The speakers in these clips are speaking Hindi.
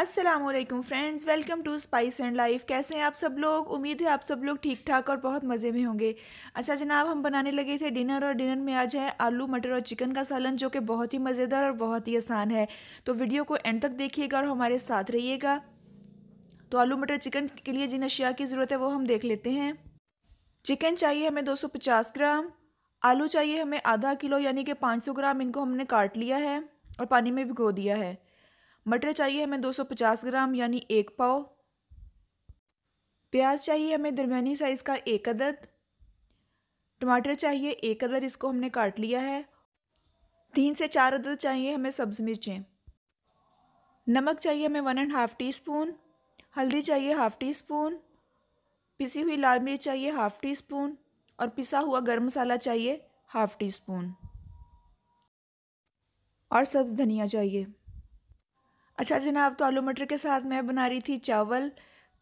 Aslam friends welcome to spice and life कैसे हैं आप सब लोग उम्मीद है आप सब लोग ठीक ठाक और बहुत मज़े में होंगे अच्छा जनाब हम बनाने लगे थे डिनर और डिनर में आज है आलू मटर और चिकन का सालन जो कि बहुत ही मज़ेदार और बहुत ही आसान है तो वीडियो को एंड तक देखिएगा और हमारे साथ रहिएगा तो आलू मटर चिकन के लिए जिन अशिया की ज़रूरत है वो हम देख लेते हैं चिकन चाहिए हमें पचास ग्राम आलू चाहिए हमें आधा किलो यानी कि सौ ग्राम इनको हमने काट लिया है और पानी में भिगो दिया है मटर चाहिए हमें 250 ग्राम यानी एक पाव प्याज चाहिए हमें दरमिया साइज़ का एक अदद टमाटर चाहिए एक अदद इसको हमने काट लिया है तीन से चार अदद चाहिए हमें सब्ज़ मिर्चें नमक चाहिए हमें one and half teaspoon हल्दी चाहिए हाफ़ टी स्पून पिसी हुई लाल मिर्च चाहिए हाफ़ टी स्पून और पिसा हुआ गर्म मसाला चाहिए हाफ़ टी स्पून और सब्ज़ धनिया चाहिए अच्छा जनाब तो आलू मटर के साथ मैं बना रही थी चावल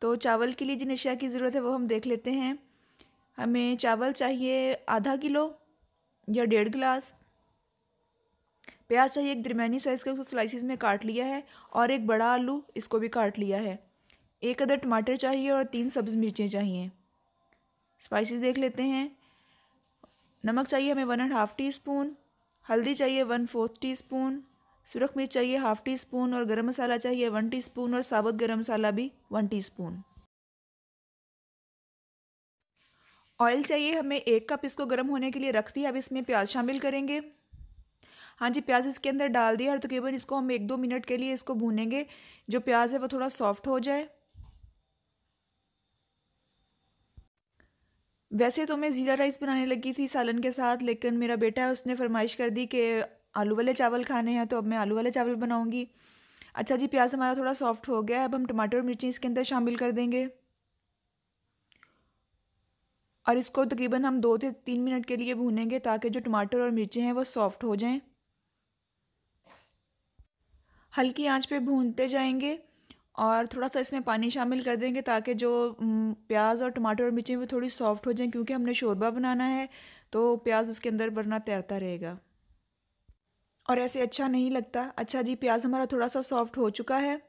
तो चावल के लिए जिन अशिया की ज़रूरत है वो हम देख लेते हैं हमें चावल चाहिए आधा किलो या डेढ़ गिलास प्याज चाहिए एक दरमियानी साइज़ का उसको स्लाइसिस में काट लिया है और एक बड़ा आलू इसको भी काट लिया है एक अदर टमाटर चाहिए और तीन सब्ज़ मिर्चें चाहिए स्पाइसिस देख लेते हैं नमक चाहिए हमें one and half teaspoon हल्दी चाहिए वन फोर्थ टी स्पून सुरख मिर्च चाहिए हाफ टी स्पून और गरम मसाला चाहिए वन टी स्पून और साबुत गरम मसाला भी वन टी स्पून ऑयल चाहिए हमें एक कप इसको गर्म होने के लिए रख दिया अब इसमें प्याज शामिल करेंगे हाँ जी प्याज इसके अंदर डाल दिया और तकरीबन इसको हम एक दो मिनट के लिए इसको भूनेंगे जो प्याज है वो थोड़ा सॉफ्ट हो जाए वैसे तो मैं ज़ीरा राइस बनाने लगी थी सालन के साथ लेकिन मेरा बेटा है उसने फरमाइश कर दी कि आलू वाले चावल खाने हैं तो अब मैं आलू वाले चावल बनाऊँगी अच्छा जी प्याज हमारा थोड़ा सॉफ्ट हो गया है अब हम टमाटर और मिर्ची इसके अंदर शामिल कर देंगे और इसको तकरीबन हम दो से तीन मिनट के लिए भूनेंगे ताकि जो टमाटर और मिर्ची हैं वो सॉफ्ट हो जाएं हल्की आंच पे भूनते जाएंगे और थोड़ा सा इसमें पानी शामिल कर देंगे ताकि जो प्याज और टमाटर और मिर्ची वो थोड़ी सॉफ्ट हो जाएं क्योंकि हमने शोरबा बनाना है तो प्याज उसके अंदर वरना तैरता रहेगा और ऐसे अच्छा नहीं लगता अच्छा जी प्याज हमारा थोड़ा सा सॉफ्ट हो चुका है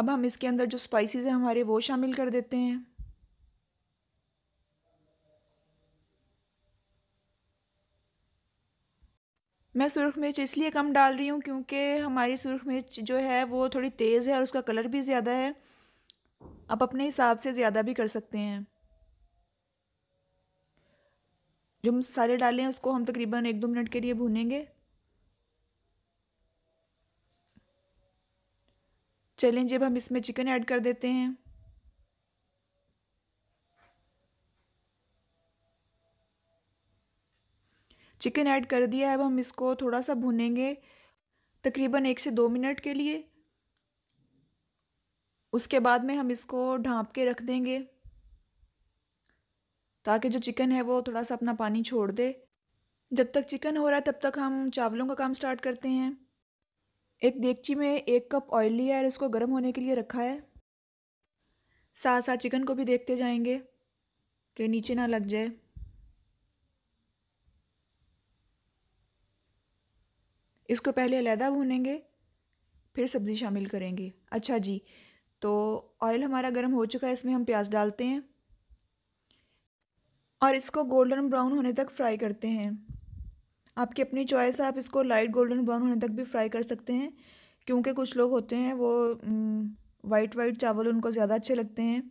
अब हम इसके अंदर जो स्पाइसेस हैं हमारे वो शामिल कर देते हैं मैं सुरख मिर्च इसलिए कम डाल रही हूँ क्योंकि हमारी सुरख मिर्च जो है वो थोड़ी तेज़ है और उसका कलर भी ज़्यादा है आप अपने हिसाब से ज़्यादा भी कर सकते हैं जो मसाले डाले हैं उसको हम तकरीबन एक दो मिनट के लिए भूनेंगे चलें जब हम इसमें चिकन ऐड कर देते हैं चिकन ऐड कर दिया है अब हम इसको थोड़ा सा भूनेंगे तकरीबन एक से दो मिनट के लिए उसके बाद में हम इसको ढाँप के रख देंगे ताकि जो चिकन है वो थोड़ा सा अपना पानी छोड़ दे जब तक चिकन हो रहा है तब तक हम चावलों का काम स्टार्ट करते हैं एक देगची में एक कप ऑयल लिया है और इसको गर्म होने के लिए रखा है साथ साथ चिकन को भी देखते जाएंगे कि नीचे ना लग जाए इसको पहले अलहदा भूनेंगे फिर सब्ज़ी शामिल करेंगे अच्छा जी तो ऑयल हमारा गर्म हो चुका है इसमें हम प्याज डालते हैं और इसको गोल्डन ब्राउन होने तक फ्राई करते हैं आपकी अपनी चॉइस है आप इसको लाइट गोल्डन ब्राउन होने तक भी फ्राई कर सकते हैं क्योंकि कुछ लोग होते हैं वो वाइट वाइट चावल उनको ज़्यादा अच्छे लगते हैं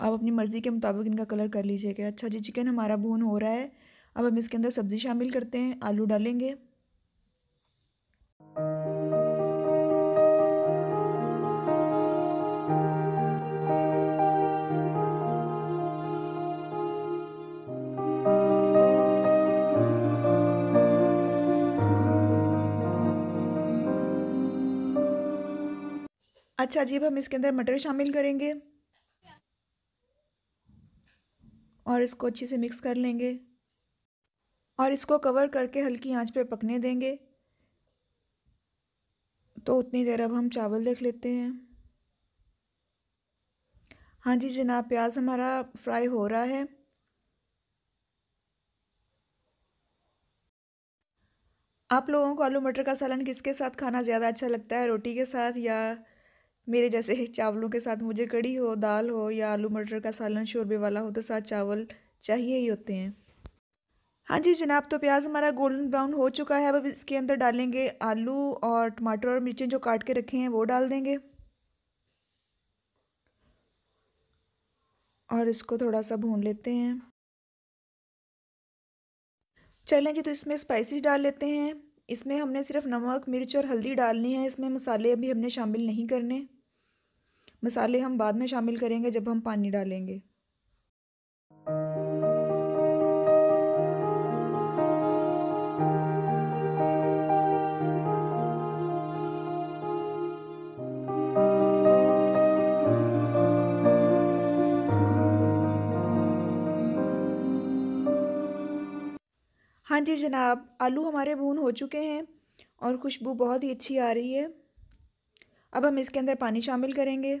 आप अपनी मर्ज़ी के मुताबिक इनका कलर कर लीजिएगा अच्छा जी चिकन हमारा भून हो रहा है अब हम इसके अंदर सब्ज़ी शामिल करते हैं आलू डालेंगे अच्छा जी अब हम इसके अंदर मटर शामिल करेंगे और इसको अच्छे से मिक्स कर लेंगे और इसको कवर करके हल्की आंच पे पकने देंगे तो उतनी देर अब हम चावल देख लेते हैं हाँ जी जनाब प्याज हमारा फ्राई हो रहा है आप लोगों को आलू मटर का सालन किसके साथ खाना ज़्यादा अच्छा लगता है रोटी के साथ या मेरे जैसे चावलों के साथ मुझे कड़ी हो दाल हो या आलू मटर का सालन शोरबे वाला हो तो साथ चावल चाहिए ही होते हैं हाँ जी जनाब तो प्याज हमारा गोल्डन ब्राउन हो चुका है अब इसके अंदर डालेंगे आलू और टमाटर और मिर्चें जो काट के रखे हैं वो डाल देंगे और इसको थोड़ा सा भून लेते हैं चलें जी तो इसमें स्पाइसेस डाल लेते हैं इसमें हमने सिर्फ नमक मिर्च और हल्दी डालनी है इसमें मसाले अभी हमने शामिल नहीं करने मसाले हम बाद में शामिल करेंगे जब हम पानी डालेंगे हाँ जी जनाब आलू हमारे भून हो चुके हैं और खुशबू बहुत ही अच्छी आ रही है अब हम इसके अंदर पानी शामिल करेंगे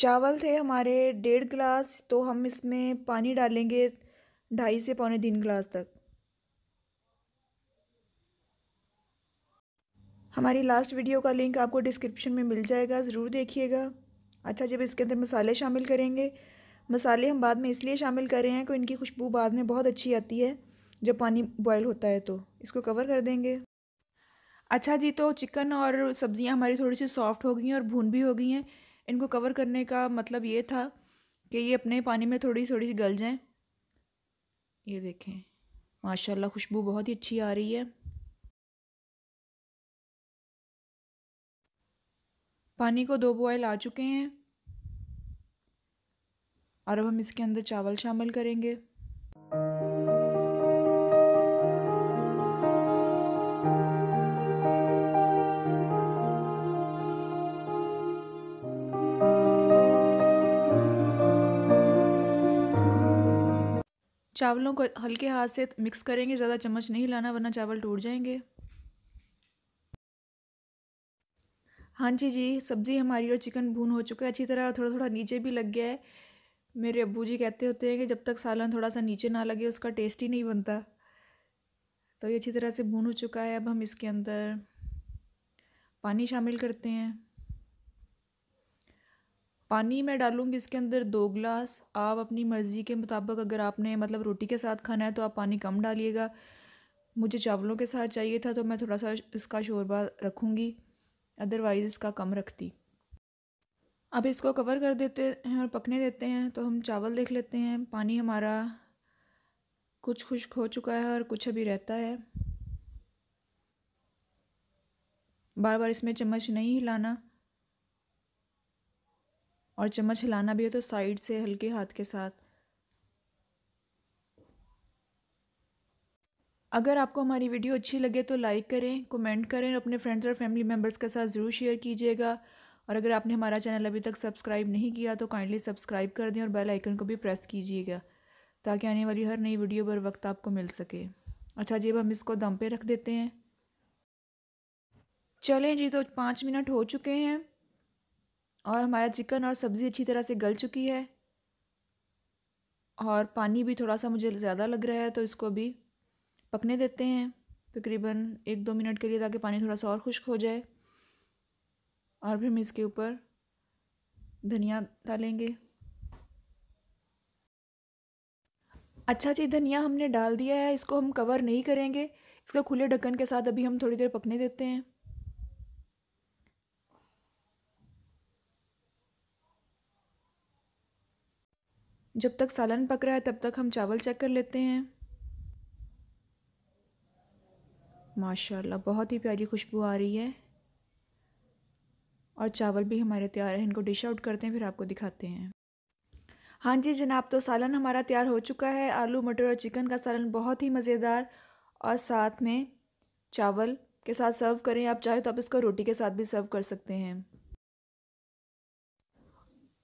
चावल थे हमारे डेढ़ गिलास तो हम इसमें पानी डालेंगे ढाई से पौने तीन गिलास तक हमारी लास्ट वीडियो का लिंक आपको डिस्क्रिप्शन में मिल जाएगा ज़रूर देखिएगा अच्छा जब इसके अंदर मसाले शामिल करेंगे मसाले हम बाद में इसलिए शामिल कर रहे हैं कि इनकी खुशबू बाद में बहुत अच्छी आती है जब पानी बॉयल होता है तो इसको कवर कर देंगे अच्छा जी तो चिकन और सब्ज़ियाँ हमारी थोड़ी सी सॉफ्ट हो गई हैं और भून भी हो गई हैं इनको कवर करने का मतलब ये था कि ये अपने पानी में थोड़ी थोड़ी सी गल जाएं ये देखें माशाल्लाह खुशबू बहुत ही अच्छी आ रही है पानी को दो बॉयल आ चुके हैं और अब हम इसके अंदर चावल शामिल करेंगे चावलों को हल्के हाथ से मिक्स करेंगे ज़्यादा चम्मच नहीं लाना वरना चावल टूट जाएंगे हाँ जी जी सब्ज़ी हमारी और चिकन भून हो चुका है अच्छी तरह थोड़ा थोड़ा नीचे भी लग गया है मेरे अबू जी कहते होते हैं कि जब तक सालन थोड़ा सा नीचे ना लगे उसका टेस्ट ही नहीं बनता तो ये अच्छी तरह से भून हो चुका है अब हम इसके अंदर पानी शामिल करते हैं पानी मैं डालूँगी इसके अंदर दो गिलास आप अपनी मर्ज़ी के मुताबिक अगर आपने मतलब रोटी के साथ खाना है तो आप पानी कम डालिएगा मुझे चावलों के साथ चाहिए था तो मैं थोड़ा सा इसका शोरबा रखूँगी अदरवाइज़ इसका कम रखती अब इसको कवर कर देते हैं और पकने देते हैं तो हम चावल देख लेते हैं पानी हमारा कुछ खुश्क हो चुका है और कुछ अभी रहता है बार बार इसमें चम्मच नहीं हिलाना और चम्मच हिलाना भी हो तो साइड से हल्के हाथ के साथ अगर आपको हमारी वीडियो अच्छी लगे तो लाइक करें कमेंट करें और अपने फ्रेंड्स और फैमिली मेम्बर्स के साथ ज़रूर शेयर कीजिएगा और अगर आपने हमारा चैनल अभी तक सब्सक्राइब नहीं किया तो काइंडली सब्सक्राइब कर दें और बेल आइकन को भी प्रेस कीजिएगा ताकि आने वाली हर नई वीडियो पर वक्त आपको मिल सके अच्छा जी अब हम इसको दम पे रख देते हैं चलें जी तो पाँच मिनट हो चुके हैं और हमारा चिकन और सब्ज़ी अच्छी तरह से गल चुकी है और पानी भी थोड़ा सा मुझे ज़्यादा लग रहा है तो इसको भी पकने देते हैं तकरीबन तो एक दो मिनट के लिए ताकि पानी थोड़ा सा और खुश्क हो जाए और फिर हम इसके ऊपर धनिया डालेंगे अच्छा जी धनिया हमने डाल दिया है इसको हम कवर नहीं करेंगे इसको खुले ढक्कन के साथ अभी हम थोड़ी देर पकने देते हैं जब तक सालन पक रहा है तब तक हम चावल चेक कर लेते हैं माशाल्लाह बहुत ही प्यारी खुशबू आ रही है और चावल भी हमारे तैयार हैं इनको डिश आउट करते हैं फिर आपको दिखाते हैं हाँ जी जनाब तो सालन हमारा तैयार हो चुका है आलू मटर और चिकन का सालन बहुत ही मज़ेदार और साथ में चावल के साथ सर्व करें आप चाहे तो आप इसको रोटी के साथ भी सर्व कर सकते हैं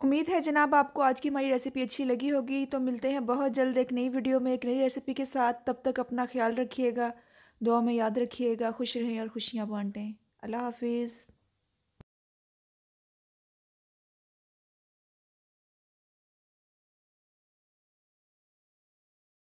उम्मीद है जनाब आपको आज की हमारी रेसिपी अच्छी लगी होगी तो मिलते हैं बहुत जल्द एक नई वीडियो में एक नई रेसिपी के साथ तब तक अपना ख्याल रखिएगा दुआ में याद रखिएगा खुश रहें और खुशियाँ बांटें अल्लाह हाफिज़